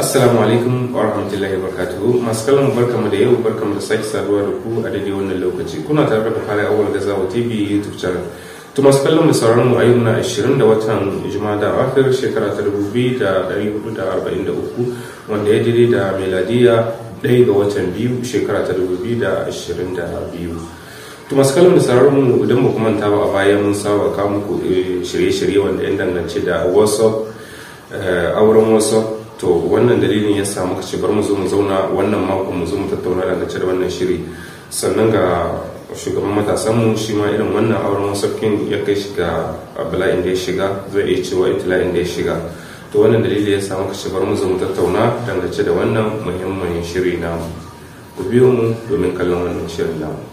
assalamu alaikum wa rahmatullahi wa barakatuhu masu kallon barkamu da yau barkamu da sake saduwa da ku a daidai wannan lokaci kuna tare da bukari awal wa tv youtube channel to masu kallon mu sauran mu ayyuka na 20 da watan da akhir shekara ta 2443 wanda ya dire da meladiya 1 ga watan biyu shekara ta 2022 to masu kallon da sauran mu idan ku manta ba a baya mun saba kawo muku eh, shirye-shirye wanda ya dangance da whatsapp eh, auren whatsapp to wannan dalilin ya samu ka ce bar mu zo mu zauna wannan mako mu zo mu tattauna dangace da wannan shiri sannan ga shugaban matasan mu shi ma irin wannan auren wasafkin ya kai shi ga bala'in da ya shiga zai iya cewa itila'in da ya shiga to wannan dalilin ya samu ka ce bar mu zo mu tattauna dangance da wannan muhimmin shiri namu ku biyo mu domin kallon wannan shirin namu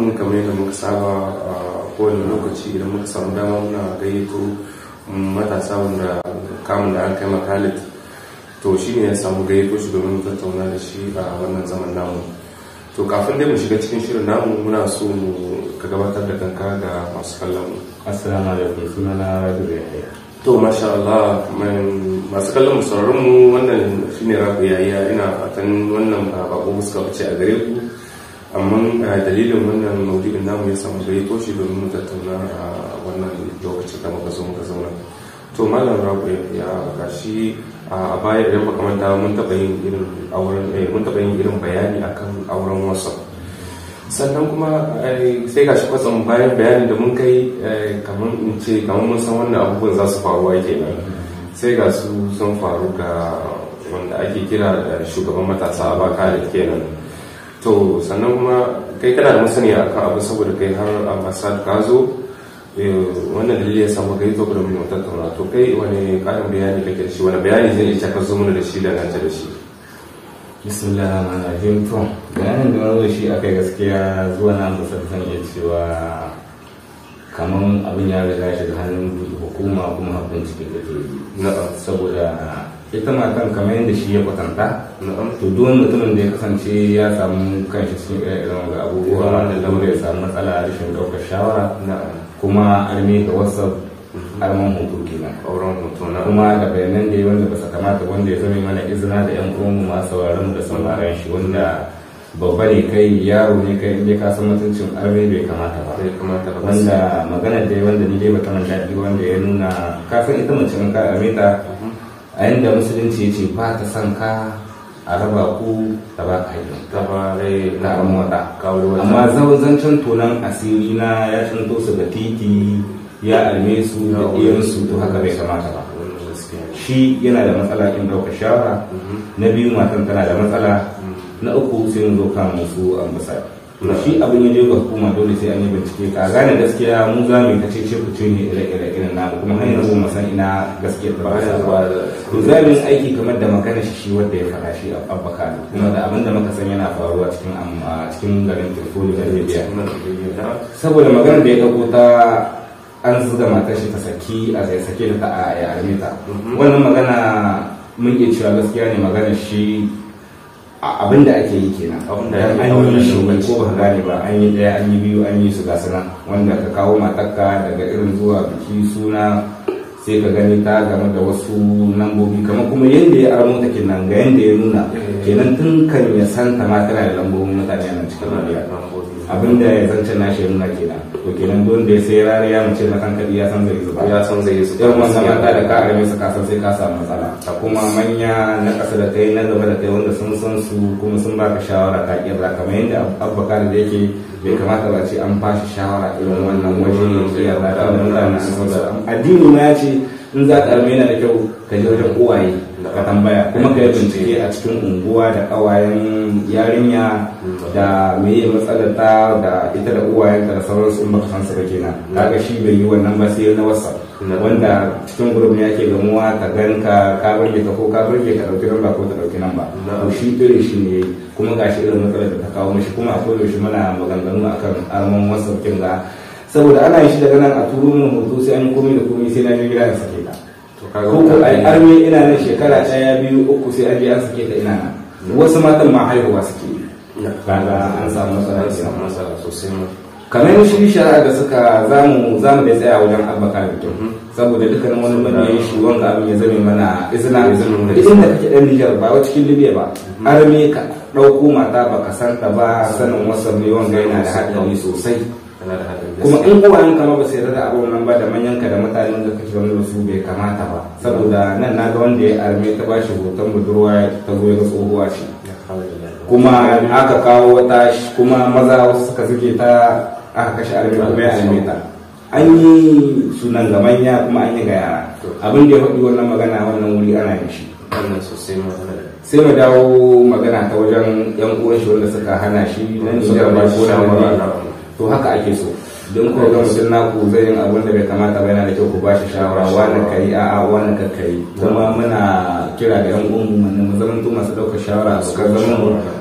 mu kamar yadda muka saba a kowane lokaci idan muka samu dama muna gayyato matasa wanda kamun da an kai makalit to shi ne ya samu gayyato shi domin tattauna da shi a wannan zaman namu to kafin dai mu shiga cikin shirin namu muna so mu ka gabatar da kanka ga masu kallon mu assalamu alaikum suna na rabi to masha Allah masu kallon mu sauraron mu wannan shine rabi yahaya ina fatan wannan ba ko muska a gare ku amma dalilin wannan maudu'in namu ya samu gari toshi domin mu tattauna a wannan lokacin da muka zo muka zauna to malam rabu ya gashi a baya idan baka manta mun taɓa yin irin auren eh, mun taɓa yin irin bayani akan auren wasan sannan kuma eh, sai gashi kwatsam bayan bayanin da mun kai eh, kamar in ce kamar mun san wannan abubuwan za su faru faruwa kenan sai ga su sun faru ga wanda ake kira da shugaban matasa a baka da kenan to sannan kuma kai kana da masaniya akan abu saboda kai har a ambassad ka zo eh, wannan dalili ya samu kai zo da mu tattauna to kai wani karin bayani kake da shi wani bayani zai iya ka zumuna da shi da nan da shi bismillah na rahim to bayanin da wani shi akai gaskiya zuwa na ambassad zan iya cewa kamar abin ya riga da hannun hukuma kuma hakan cikin da saboda ita matan kamar yadda shi ya kwatanta to duk mutumin da ya kasance ya samu kanshi cikin irin wanga abubuwa da lamar ya samu matsala rashin ɗaukar shawara kuma arme ga whatsapp mhm. arman hoto kenan auren hoto na kuma da bayanan da ya wanda ba sa kamata wanda ya zama mana izina da yan uwanmu ma sauraron da sauraron shi wanda babba ne kai yaro ne kai in ka san mutuncin arme bai kamata ba bai kamata ba wanda magana da wanda ni dai ba ta manta wanda ya nuna ka san ita mace in ka arme ta a da musulunci ya ce ba ta son ka a raba ku da ba ka yi ta ba rai wata amma zancen tonan asiri na ya tsinto su da titi ya alme su da iyansu to haka bai kamata ba shi yana da matsala in dauka shawara mhm. na biyu matan tana da matsala mhm. na uku sai mu zo kan musu ambasada to shi abin ya je ga hukuma dole sai an yi bincike ka gane gaskiya mu za mu ta ce ku ne ire ire irin na kuma hanyar mu mu san ina gaskiya da ba to za mu aiki kamar da magana shi shi wanda ya faɗa shi a babbaka kuma da abin da muka san yana faruwa cikin amma cikin garin Tripoli da Libya saboda magana da ya dauko ta an zuga matar shi ta saki a zai sake ta a yarmita mhm. wannan magana mun iya cewa gaskiya ne magana shi abin da ake yi kenan abin da an yi shi ko ba gane ba an yi daya an yi biyu an yi su ga nan wanda ka kawo matakka daga irin zuwa biki suna sai ka gani ta game da wasu lambobi kamar kuma yadda ya aro ta kenan ga yadda ya nuna eh. kenan tun kan ya san ta ma tana da lambobin mutane a cikin rariya abin da ya zance na shi nuna kenan to kenan don da ya sai rara ya mace na kan kadi ya san zai zuba ya san zai zuba yan wannan da ka arame su kasan sai ka samu matsala ta kuma manya na kasa da kai na gaba da kai wanda sun san su kuma sun baka shawara ta kirra kamar yadda abba da yake bai kamata ba ce an fashi shawara irin wannan waje ne ya da mutane su addini na ce in za ka yana da kyau ka je wajen uwaye ka tambaya kuma ka yi bincike a cikin unguwa da kawayen yarinya da meye matsalar ta da ita da uwayen da sauransu in baka san su ba kenan kaga shi bai yi wannan ba sai na wasa wanda cikin gurbin yake gamuwa ka gan ka burge ka ko ka burge ka dauki ba ko ta dauki namba to shi dole shi ne kuma gashi irin matsalar da ta kawo mishi kuma akwai yaushe muna maganganu akan alamomin wasa kin ga saboda ana shi daga nan a turo min hoto sai an komai da komai sai na je gida in sake ta ko ko ai arme ina nan shekara ɗaya biyu uku sai an je an sake ta ina nan wasu matan ma haihuwa suke kaga an samu matsala sosai kamar shi shara da suka zamu zamu da tsaya wajen abaka da mhm. saboda dukkan wani yi shi wanga abin ya zame mana islam ya zame mana da kake dan Niger ba wa cikin Libya ba mhm. arme ka dauko mata baka san ta ba sanin wasan ne wanga yana da haɗari sosai kuma in uwayen kama ba su yarda da abin nan ba da manyan ka da mutanen da kake wani da su bai kamata ba saboda nan na ga wanda ya arme ta ba shi hoton budurwa ta zo ya ga tsohuwa shi kuma aka kawo wata kuma maza wasu suka suke ta aka kashe arme kuma ya arme ta an yi sunan ga manya kuma an yi ga yara abin da ya faɗi wannan magana wannan wuri ana yin shi sai mu dawo magana ta wajen yan uwan shi wanda suka hana shi nan da ba shi to haka ake so don ko ga mutum naku zai yin abin da bai kamata ba yana da kyau ku ba shi shawara wani kai a a'a wani ka kai zama muna kira da yan gungun wanda mu zama to masu dauka shawara su ka zama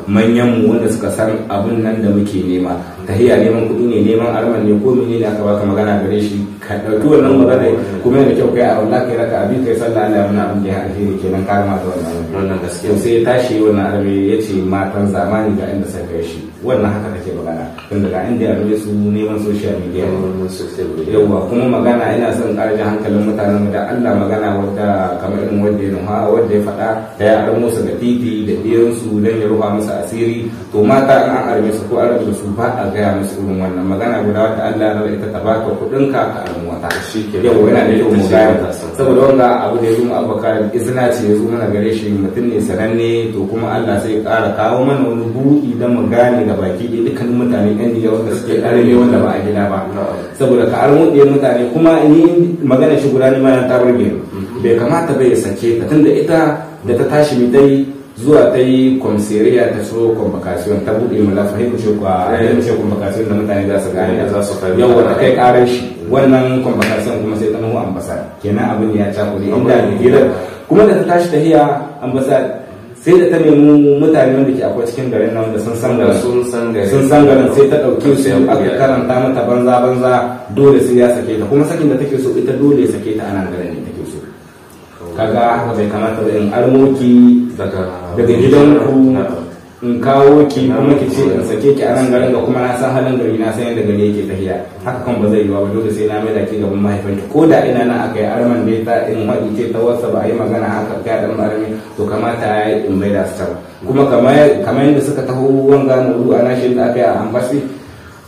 manyan mu wanda suka san abin nan da muke nema tahiya neman kudi ne neman arman ne ko menene aka baka magana gare shi ka dauki wannan magana kuma yana da kyau kai a wallahi kai raka abin kai sallah Allah muna abin da ya alheri kenan ka rama da wannan wannan gaskiya sai ya tashi wannan arabi ya ce matan zamani ga inda sai kai shi wannan haka kake magana tun daga inda ya su neman social mai girma kuma magana ina son ƙarfin hankalin mutanen da allah magana wadda kamar irin wadda ya nuha wadda ya faɗa da ya aro musu da titi da biyansu don ya rufa musu asiri to mata an arme su ko an rabu su ba a gaya musu irin wannan magana guda wadda allah ya ita ta baka kuɗin ka ka aron wata yau yana da yau mu gaya saboda wanda abu da ya zo mu abokan izina ce ya zo mana gare shi mutum ne sananne to kuma allah sai ya ƙara kawo mana wani buɗi don mu gane da baki ɗaya dukkanin mutane ɗan ne wanda suke ɗare wanda ba a gida ba saboda ka an wuɗe mutane kuma ni magana shi guda ne ma ta burge bai kamata bai sake ta tunda ita da ta tashi mi dai zuwa ta yi komisariya ta so convocation ta buɗe mu lafa haiku ce kwa eh. ayyukan mace convocation da mutane za su gane eh, za su fahimta yau wata kai karar shi wannan convocation kuma sai ta nuhu ambasa kenan abin ya cakuri inda ne kuma da ta tashi ta hiya ambasa sai da ta nemi mutane wanda ke akwai cikin garin nan da sun san garin sun san garin sai ta ɗauke su aka karanta mata banza banza dole sai ya sake ta kuma sakin da take so ita dole ya sake ta anan garin ne take so kaga haka bai kamata ba in armoki daga gidan ku in kawo ki kuma ki ce in sake ki a nan garin ga kuma na san halin gari na san yadda gari yake tafiya haka kan ba zai yiwa ba dole sai na mai da ki gaban mahaifinta ko da ina nan aka yi arman dai ta in haɗi ce ta wasa ba a yi magana haka ga ɗan marami to kamata ya yi in mai da su kuma kamar yadda suka taho wanga na udu a shi da aka yi a ambasi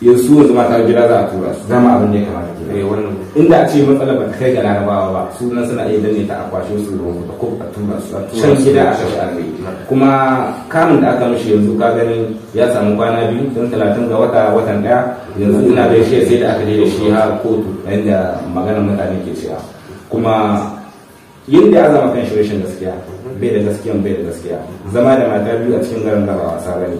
yanzu yanzu mata gida za a tura su zama abin da ya kamata ke eh, inda a ce matsalar ba ta kai ga larabawa ba su nan suna iya danne ta a kwashe su da wata ko a tura su a gida a kashe arzai kuma kamun da aka mishi yanzu ka gani ya samu kwana biyu don talatin ga wata watan daya yanzu ina da shi sai da aka je da shi har kotu yadda maganar mutane ke cewa kuma yadda ya zama kan shirishin gaskiya bai da gaskiyan bai da gaskiya zama da mata biyu a cikin garin da ba wasa bane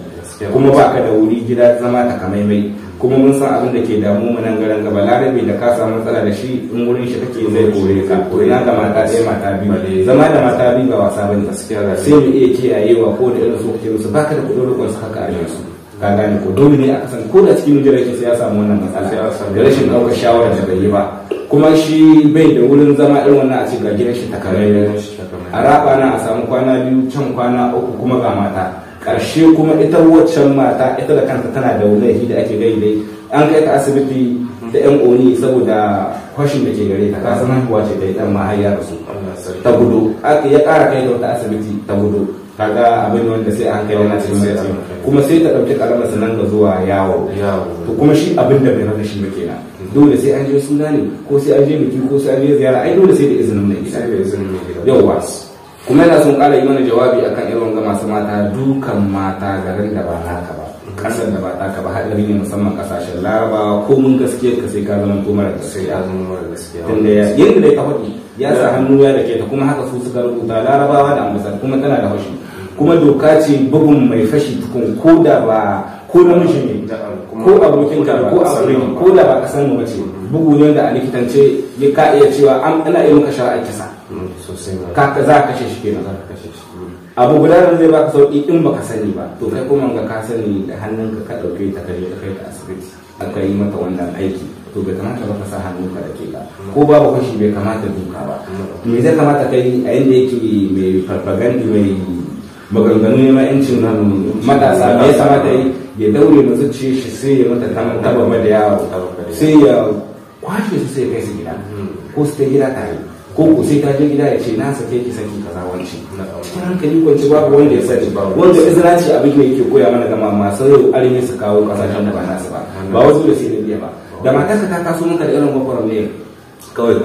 kuma baka da wuri gida zama ta kamaimai kuma mun san abin da ke damu mu nan garin gaba larabi da ka samu matsala da shi in wurin shi kake zai kore ka ina ga mata ɗaya mata biyu zama da mata biyu ba wasa bane sai mu iya kiyayewa ko da irin su kake musu baka da kudin rukun su haka a yanzu ka gane ko dole ne a san ko da cikin jira yake sai ya samu wannan matsala da rashin ɗaukar shawara da bai yi ba kuma shi bai da wurin zama irin wannan a cikin gidan shi takarai a raba na a samu kwana biyu can kwana uku kuma ga mata karshe kuma ita waccan mata ita da kanta tana da laifi da ake gai dai an kai ta asibiti da yan oni saboda kwashin da ke gare ta kasan haihuwa ce da ita mahaiya da su ta gudu ya kara kai ta wata asibiti ta gudu kaga abin wanda sai an kai wani cikin sai kuma sai ta ɗauki kalamar nan ga zuwa yawo to kuma shi abin da bai maka shi ba kenan dole sai an je suna ne ko sai an je biki ko sai an je ziyara ai dole sai da izinin mai gida yawa kuma yana son kara yi mana jawabi akan irin wanga masu mata dukan mata garin da ba naka ba kasar da ba taka ba haɗari ne musamman kasashen larabawa ko mun gaskiyar ka sai ka zama ko mara gaskiya zama mara gaskiya tunda ya yanda dai ka faɗi ya sa hannu ya da ke ta kuma haka su suka rubuta larabawa da ambasar kuma tana da haushi kuma doka ce bugun mai fashi tukun ko da ba ko namiji ne ko abokin ka ko abokin ko da ba ka san mu ba ce bugu ne da a likitance ya ka iya cewa an ana yi maka shari'ar kisa hmm, ka za ka kashe shi nan hmm. abu guda da zai baka sauki in baka sani ba to kai kuma ga ka sani da hannunka ka dauke ta kai ta kai ta asibiti aka yi mata wannan aiki to bai kamata ba ka sa hannunka da ke ba ko babu kashi bai kamata duka ba hmm. me zai kamata kai a yadda yake mai farfagandi mai maganganu ne ma yancin nan matasa me ya kamata yi ya daure masu ce shi sai ya mata taba da yawo sai ya kwashe su sai su gida ko su gida tare ko ta je gida ya ce na sake ki saki kaza kwanci babu wanda ya kwa wanda izra ce abin yake koya mana gama su kawo kasashen da ba ba ba wasu da sai da biya ba da matarka ta taso maka da irin gwagwarmayar kawai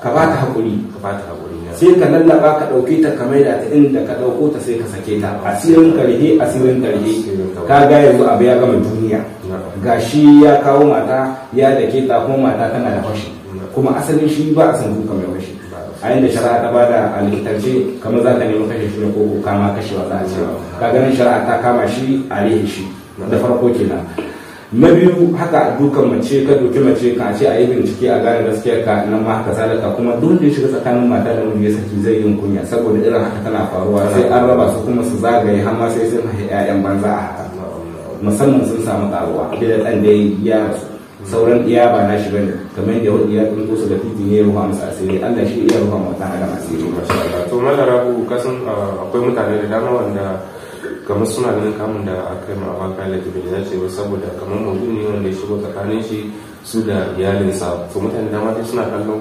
kawai ya ka sai ka lallaba ka ɗauke ta kamar da ta inda ka dauko ta sai ka sake ta asirin karhe asirin karhe ka ga yanzu abu ya gama duniya gashi ya kawo mata ya dake ta kuma mata tana da fashi kuma asalin shi ba a san duka mai fashi a yadda shari'a ta bada a likitance kamar za ka nemi kashe shi ne ko kama kashewa za a ce ka ganin shari'a ta kama shi a shi da farko kenan na biyu haka dukan mace ka doki mace ka ce a yi bincike a gane gaskiyar ka nan ma haka sadaka kuma duk da shiga tsakanin mata da miji ya saki zai yin kunya saboda irin haka tana faruwa sai an raba su kuma su zagaye har ma sai sun haifi 'ya'yan banza a haka musamman sun samu karuwa da ɗan da ya sauran iya ba na shi bane kamar da wani ya tsinko su da titin ya ruwa masu asiri Allah shi iya ruwa mata adam asiri to ku kasan ah, akwai mutane da dama wanda kamar suna ganin kamun da aka yi ma'a kayan da ya ce ba saboda kamar mutum ne wanda ya shigo tsakanin shi su da iyalinsa to mutane da mata suna kallon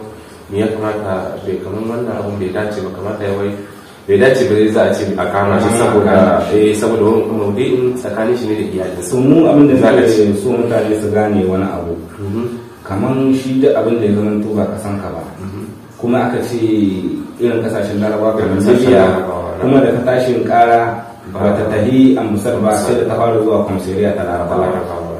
me ya kamata bai kamar wannan abun bai dace ba kamata ya wai bai dace ba zai za a ce a kama shi saboda eh saboda wani kuma in tsakanin shi ne da iyalinsa su mu abin da zaka ce su mutane su gane wani abu mm-hmm. kamar shi da abin da ya zama to ba kasan ka ba mm-hmm. kuma aka ce irin kasashen larabawa kamar Libya kuma da ka tashin kara ba ta tahi musar ba sai da ta fara zuwa kwamsiriya ta larabawa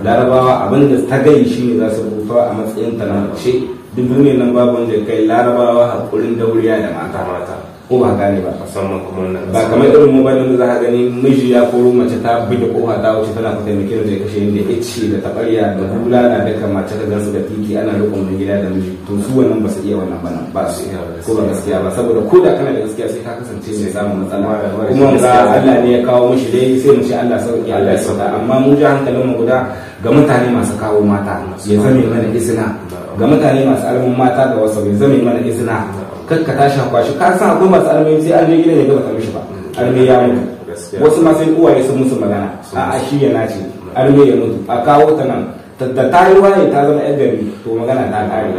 larabawa abin da ta gai shi ne za su rufa a matsayin ta na duk duniyar nan babu wanda kai larabawa hakurin dauriya da mata mata ko ba gane ba musamman kuma wannan ba kamar irin mu bane da za ka gani miji ya koro mace ta buge kofa ta wuce tana fita mai kiran da kashe inda ya ce da tabarya da bulala da kan mace ta gansu da titi ana rukun mai gida da miji to su wannan ba su iya wannan bana ba su iya ko ba gaskiya ba saboda ko da kana da gaskiya sai ka kasance mai samun matsala kuma ga Allah ne ya kawo mishi dai sai mu ce Allah sauki Allah ya sauka amma mu ji hankalin mu guda ga mutane masu kawo mata ya zame mana izina ga mutane masu alamun mata ga wasu ya zame mana izina kar ka tashi hakwa shi ka san akwai masu almai sai almai gidan ya gaba karbi shi ba almai ya mutu wasu ma sai uwaye sun musu magana a shi ya nace almai ya mutu a kawo ta nan da ta yi waye ta zama yan gari to magana ta kare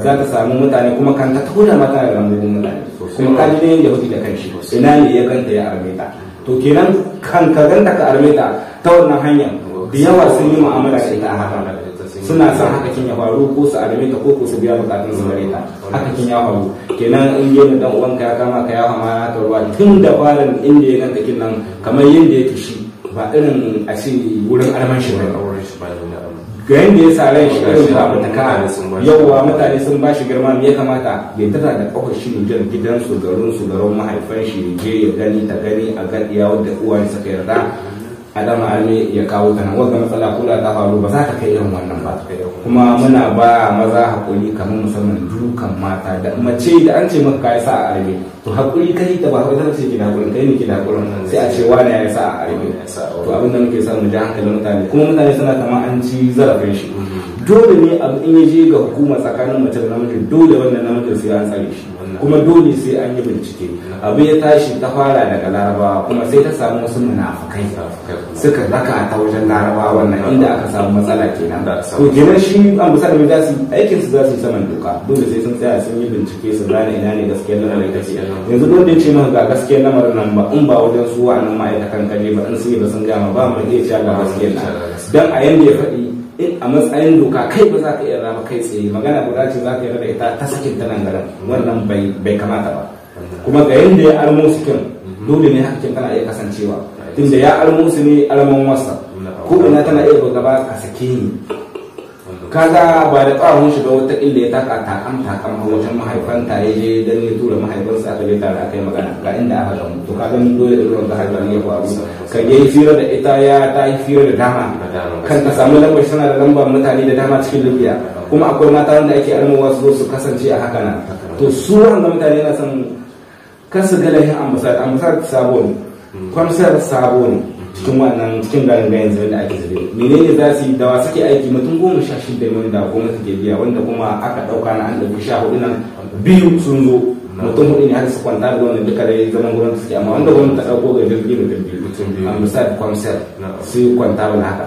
za ka samu mutane kuma kan ta tona mata da lambobin mutane kuma ka ji ne yadda hudu da kanshi ina ne ya kanta ya armeta to kenan kan ka ganta ka armeta ta wannan hanyar da yawa sun yi mu'amala da ita a haka suna sa haka kin ya faru ko su adame ka ko su biya bukatun su gare haka kin ya faru kenan in yana dan uwanka ya kama ka ya hama ka ruwa tun da farin inda ya ganka kin nan kamar yadda yake shi ba irin a ce wurin almanshi shi ba ga yadda ya sa ran shi irin ba ta ka yauwa mutane sun ba shi girma me ya kamata ya tana da kawai shi ne jan su garin su garin mahaifan shi ne je ya gani ta gani a ga iya wadda uwa ya saka yarda alama ne ya kawo ta nan wanda matsala kula ta faru ba za ta kai irin wannan ba kuma muna ba maza hakuri kamar musamman dukan mata da mace da an ce maka kai sa a arme to hakuri kai ta ba wai ce kina da hakuri kai ne kina da hakuri sai a ce wani ya sa a arme to abin da muke sa mu ji hankalin mutane kuma mutane suna kama an ci zarafin shi dole ne abu in ya je ga hukuma tsakanin mace da namiji dole wannan namijin sai an tsare shi kuma dole sai an yi bincike abu ya tashi ta fara daga larabawa kuma sai ta samu wasu munafukai suka raka ta wajen larabawa wannan inda aka samu matsala kenan to kenan shi an busa da mai su aikin su za su saman doka dole sai sun tsaya sun yi bincike su gane ina ne gaskiyar lamarin kace yanzu dole ce maka ga gaskiyar lamarin nan ba in ba wajen su wa'annan ma'aikatan kaje ba in sun yi ba sun gama ba mu iya cewa ga gaskiyar dan a yanda ya faɗi in a matsayin doka kai ba za ka iya rama kai tsaye magana guda ce za ka yi ita ta sakin ta nan garin wannan bai kamata ba kuma ga yadda ya almo sikin mhm. dole ne hakkin tana iya kasancewa tunda ya almo su ne almon wasa ko ina tana iya gaba a sake ni kaza ba da tsawon shi ba wata illa ya taka takam takam a wajen mahaifanta ya je don ya tura mahaifansa a je tare aka yi magana ga inda aka gamu to kaga mun dole da ruwan zahar ne ya faru ka je fira da ita ya ta yi fira da dama kan ka samu lambar sana da lambar mutane da dama cikin libya kuma akwai mata wanda ake almowa su su kasance a haka nan to su wanda mutane na san kasu galahin ambasar ambasad sabo ne kwamsar sabo ne cikin wannan cikin garin gayan zai da ake zabe menene za su yi dawa suke aiki mutum goma sha shida ne da goma suke biya wanda kuma aka dauka na an ɗauki sha hudu nan biyu sun zo mutum hudu ne har su kwanta da wannan duka da zaman gwamnati suke amma wanda gwamnati ta dauko ga jirgi mutum biyu a misali kwamsel su kwanta wani haka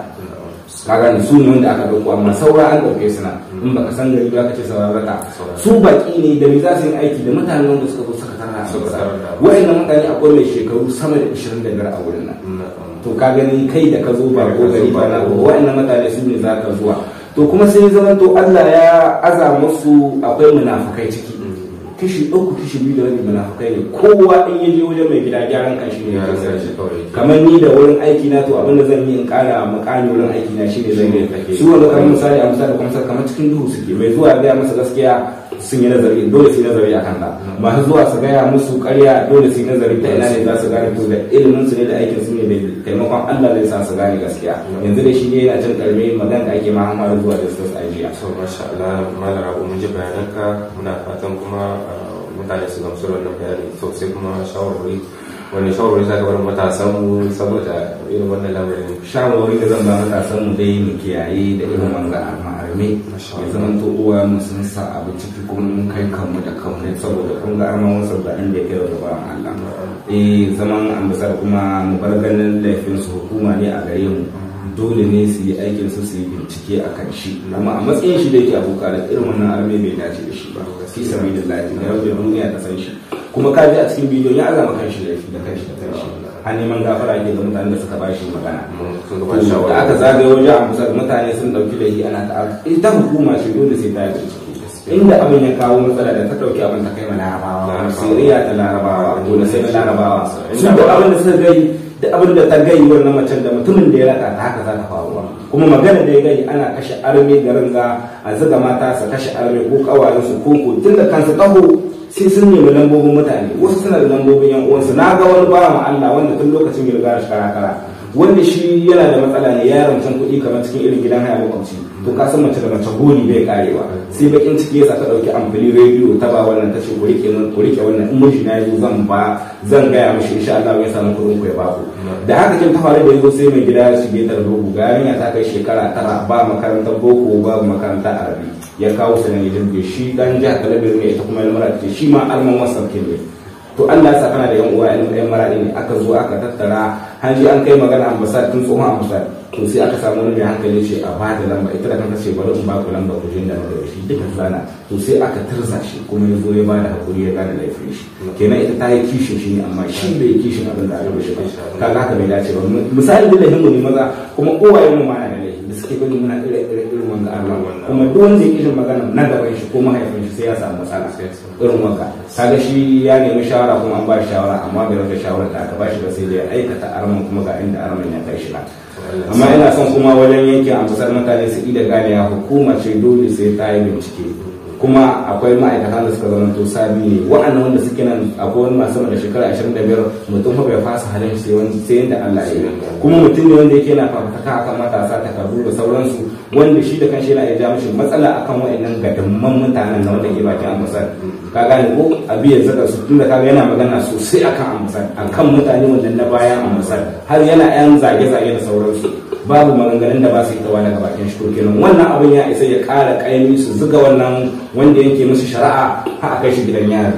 ka gane su ne wanda aka dauko amma saura an dauke su na hmm. in baka san gari ba ka ce saura zaka su baki ne da me za su yi aiki da mutanen wanda suka zo suka tara a wa'annan mutane akwai mai shekaru sama da 25 a wurin nan to ka gani kai da ka zo ba ko gari ba na ko wa'annan mutane su ne za ka zuwa to kuma sai zama to Allah ya aza musu akwai munafukai ciki kishi uku kishi biyu da wani munafukai ne kowa in ya ji wajen mai gida gyaran kan ne ya kamar ni da wurin aiki na to abin da zan yi in kara makani wurin aiki na shi ne zan yi su wani kamar misali a misali kuma kamar cikin duhu suke mai zuwa ya masa gaskiya sun yi nazari dole su yi nazari a kanta mm-hmm. masu zuwa su gaya musu karya dole su yi nazari ta ina ne za su gane to da ilimin su ne da aikin su ne da taimakon Allah zai sa su gane gaskiya mm-hmm. yanzu da shi ne yana jin karmi magana da ake ma hamar zuwa da su jiya so masha Allah malara mun ji bayananka muna fatan kuma uh, mutane su gamsu da wannan bayani to sai kuma shawarwari wani shawarwari za ka bar matasan mu saboda irin wannan lamarin shawarwari da zan ba matasan mu dai mu kiyaye da irin wannan arme ya zama to uwa mu sun sa abu ciki kuma mun kai kanmu da kanmu saboda kun ga amma wasu da an da ya kai ba Allah eh zaman ambasar kuma mu bar ganin laifin su hukuma ne a gare mu dole ne su yi aikin su su yi bincike a kan shi amma a matsayin shi da yake aboka da irin wannan arme bai dace da shi ba fi sami da lafiya da yau da duniya ta san shi kuma ka ji a cikin bidiyon ya alama kan shi laifi da kan shi da kan shi an neman gafara ke da mutanen da suka bashi magana mm, da aka zagaye wajen a mutane sun dauki yi ana ta ita hukuma shi dole sai ta yi inda abin ya kawo matsala da ta dauki abin ta kai ma larabawa siriya ta larabawa dole sai larabawa da abin da suka gani duk abin da ta gayi wannan macen da mutumin da ya raka ta haka za ta faruwa kuma magana da ya gayi ana kashe arme garin za a zuga mata su kashe arme ko kawayensu ko ko tun da kansu taho sai sun nemi lambobin mutane wasu suna da lambobin yan uwansu na ga wani bawan Allah wanda tun lokacin ya riga kara wanda shi yana da matsala ne ya rancen kuɗi kamar cikin irin gidan haya makwabci to ka san mace da mace goni bai karewa sai bakin ciki yasa ta ɗauki amfani rediyo ta ba wannan ta ce ku rike nan ku rike wannan in na yazo zan ba zan gaya mishi insha Allah ya samu kuɗin ku ya ba ku da haka kin ta faru da yazo sai mai gida ya shige ta rubu ga yarinya ta kai shekara tara ba makarantar boko ba makarantar arabi ya kawo sanin ya shi dan jihar talabijin ne ita kuma ya ce shi ma alman wasan ne to an ya kana da yan uwa yan marani ne aka zo aka tattara hanji an kai magana ambassador tun tsohon ambassador to sai aka samu wani mai hankali ce a ba da lamba ita da kanta ce bari in ba ku lamba ku jinda da shi duka zana to sai aka tarza shi kuma ya zo ya ba da hakuri ya gane laifin shi kenan ita ta yi kishin shi ne amma shi bai yi kishin abin da aka bashi ba kaga haka bai dace ba misali da mu ne maza kuma uwayen mu ma na da laifi da suke gani muna ire-ire kuma duk wanda yake magana nan gaba shi ko mahaifin shi sai ya samu matsala irin wanka kaga shi ya nemi shawara kuma an ba shi shawara amma bai rasa shawara da aka ba shi ba sai da ya aikata arman kuma ga inda arman ya kai shi ba amma ina son kuma wajen yankin amsar mutane su ida gane ya hukuma ce dole sai ta yi bincike kuma akwai ma'aikata da suka zama to sabi ne wa'anda wanda suke nan akwai wani masu da shekara 25 mutum fa bai fasa halin sai wani sai yadda Allah ya yi kuma mutum ne wanda yake na fafata akan matasa ta takardu da sauransu wanda shi da kanshi yana iya ja mishi matsala akan wa'annan gadamman mutanen na wanda ke bakin ambasar ka gane ko abi ya zaka su tunda ka yana magana sosai akan ambasar akan mutane wanda na bayan ambasar har yana yan zage-zage da sauransu babu maganganun da ba su yi ta daga bakin shi kenan wannan abin ya isa ya kara ƙaimi su zuga wannan wanda yake musu shari'a a kai shi gidan yari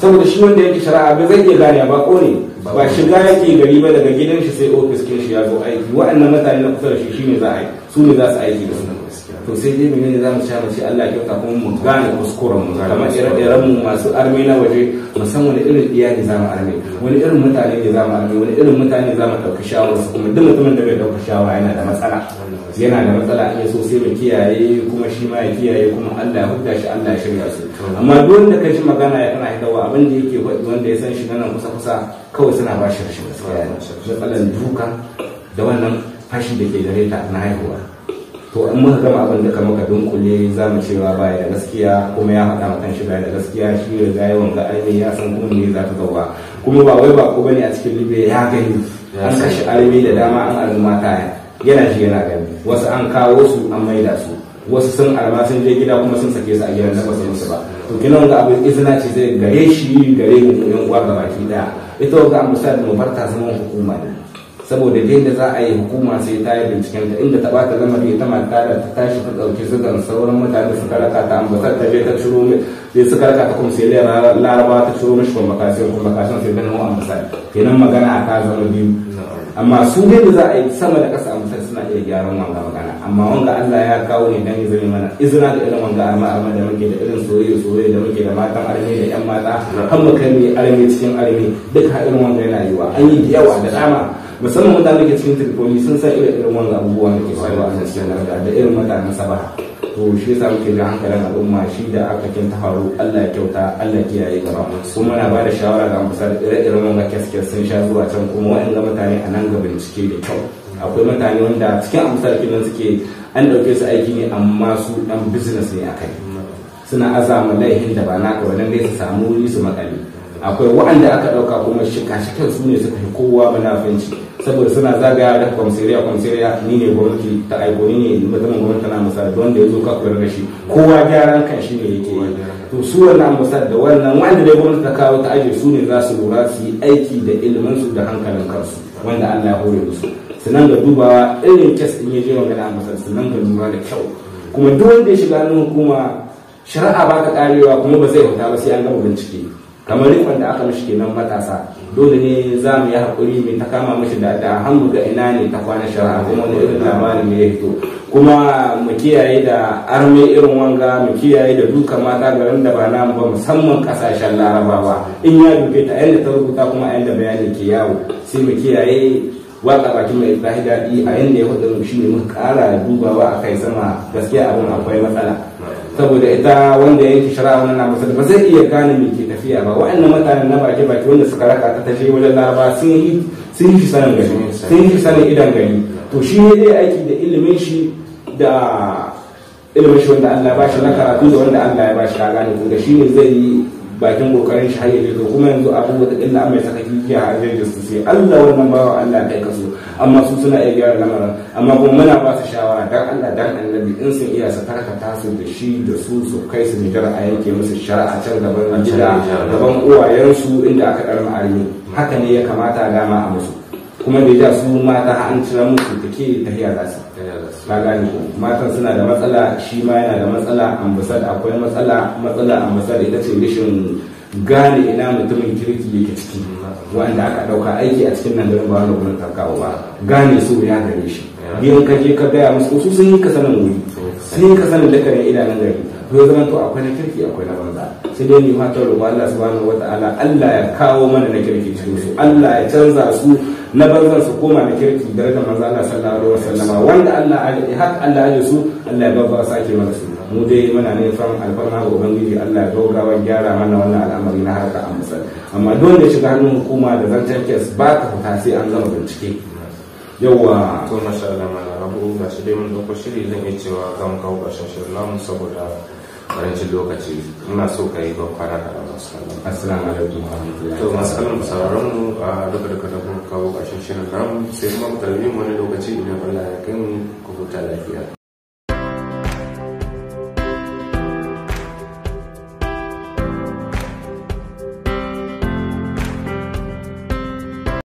saboda shi wanda yake shari'a bai zai iya gane ba ko ne ba shiga yake gari ba daga gidan shi sai ofis kin shi ya zo aiki wa'annan mutane na kusa da shi shine za a yi su ne za su aiki da su to sai dai ne za mu sha mu ce Allah ya kyauta kuma mu gane kuskuren mu kamar ire-iren mu masu arme na waje musamman irin iyali za mu arme wani irin mutane ne za mu arme wani irin mutane za mu ɗauki shawara su kuma duk mutumin da bai ɗauki shawara yana da matsala yana da matsala in so sai mu kiyaye kuma shi ma ya kiyaye kuma Allah ya hukunta shi Allah ya shirya su amma duk wanda ka shi magana ya kana hidawa abin da yake faɗi wanda ya san shi nan kusa-kusa kawai suna ba shi rashin gaskiya matsalan duka da wannan fashi da ke gare ta na haihuwa to in muka gama abin da ka dunkule za mu cewa baya da gaskiya kuma ya faɗa makan shi baya da gaskiya shi ya ga yawan ga arme ya san kuma me za ta zauwa kuma ba wai ba ko bane a cikin libya ya gani an kashe arme da dama an arma kaya yana shi yana gani wasu an kawo su an maida su wasu sun arma sun je gida kuma sun sake su a gidan da ba su musu ba to kina wanda abin izina ce zai gare shi gare mu yan uwa gabaki daya ita wanda an da mu barta zaman hukuma ne saboda dai da za a yi hukuma sai ta yi binciken ta inda ta bata lamari ta mata da ta tashi ta ɗauki zugan sauran mutane su raka ta ambatar ta je ta ciro ne sai su raka ta kuma sai laraba ta ciro mishi kuma kwambakasiyon sai ta nemo ambasar kenan magana a ta zama biyu amma su ne da za a yi sama da kasa ambasar suna iya gyaran wanga magana amma wanga Allah ya kawo ne dan izini mana izina da irin wanga amma amma da muke da irin soyayya soyayya da muke da matan arme da yan mata har mu kai arme cikin arme duk irin wanga yana yiwa an yi yawa da dama musamman wanda muke cikin tripoli sun san irin irin wannan abubuwa da ke faruwa a cikin lafiya da irin mutanen sabah to shi yasa muke ga hankalin al'umma shi da aka kin ta faru Allah ya kyauta Allah kiyaye gaba kuma na ba da shawara ga musar ire irin wannan gaskiya sun sha zuwa can kuma waɗanda mutane a nan ga bincike da kyau akwai mutane wanda cikin amsar kinan suke an ɗauke su aiki ne amma su dan business ne akai suna azama laihin da ba naka wannan dai su samu wuri su makali akwai waɗanda aka ɗauka kuma shika-shikan su ne suka yi kowa munafanci saboda suna zagaya da kwamsiriya kwamsiriya ni ne gwamnati ta aiko ni ne zama gwamnati na musa da wanda ya zo ka kula shi kowa gyaran kan shi ne yake to su wannan musa da wannan wanda dai gwamnati ta kawo ta ajiye su ne za su lura su yi aiki da ilimin su da hankalin kansu wanda Allah ya hore musu sannan ga dubawa irin kes din ya je magana a musa sannan ga lura da kyau kuma duk wanda ya shiga hannun hukuma shari'a ba ta karewa kuma ba zai fita ba sai an gama bincike kamar rikon da aka mishi kenan matasa dole ne za mu yi hakuri mai ta kama mishi da ta hannu ga ina ne ta kwana shari'a kuma wani irin labarin ne ya fito kuma mu kiyaye da arme irin wanga mu kiyaye da duka mata garin da ba namu ba musamman kasashen larabawa in ya duke ta yadda ta rubuta kuma a yadda bayani ke yawo sai mu kiyaye waka bakin mai zahi daɗi a yadda ya hudu shi ne muka ƙara dubawa a kai sama gaskiya abin akwai matsala saboda ita wanda yanke shara'a wannan na ba zai iya gane me ke tafiya ba wa'annan mutanen na baki baki wanda suka raka ta taje wajen laraba sun yi sun yi sanin gani sun yi sanin idan gani to shi ne dai aiki da ilimin shi da ilimin shi wanda Allah ba shi na karatu da wanda Allah ya ba shi ka gane ko da shi ne zai yi bakin kokarin shi har ya kuma yanzu abubuwa da illa mai saka kiyaye a jirgin su sai Allah wannan bawa Allah kai kaso amma su suna iya gyara lamarin amma kuma muna ba su shawara dan Allah dan annabi in sun iya su karkata su da shi da su su kai su nijar a yanke musu shari'a can gaban gida gaban uwayensu inda aka ɗar ma'arni haka ne ya kamata dama a musu kuma da ja su mata an cira musu take tafiya za su ka gane ko matan suna da matsala shi ma yana da matsala ambasad akwai matsala matsala ambasad ita ce mu. gane ina mutumin kirki yake cikin wanda aka ɗauka aiki a cikin nan garin ba wani ta kakawa ba gane su ya gare shi biyan ka je ka gaya musu su sun yi ka sanin wuri sun yi ka sanin da kare idanun gari to ya zama akwai na kirki akwai na banza sai dai nima ta roƙo Allah subhanahu wataala Allah ya kawo mana na kirki cikin su Allah ya canza su na banza su koma na kirki darajar manzo Allah sallallahu alaihi wasallama wanda Allah ya hak Allah ya su Allah ya babba sake masa su mu dai muna ne san alfarma ga ubangiji Allah gaugawa gyara mana wannan al'amari na harka a musal amma dole da shiga hannun hukuma da zancen kes ba ka fita sai an zama bincike yawa to masha Allah mana rabu ga shi dai mun dauko shiri zan iya cewa zan kawo ƙarshen shirin namu saboda karancin lokaci ina so ka yi kwana da assalamu alaikum to masu kallon sauraron mu a duka duka da kuma kawo ƙarshen shirin namu sai kuma mu wani lokaci idan Allah ya kai mu ku huta lafiya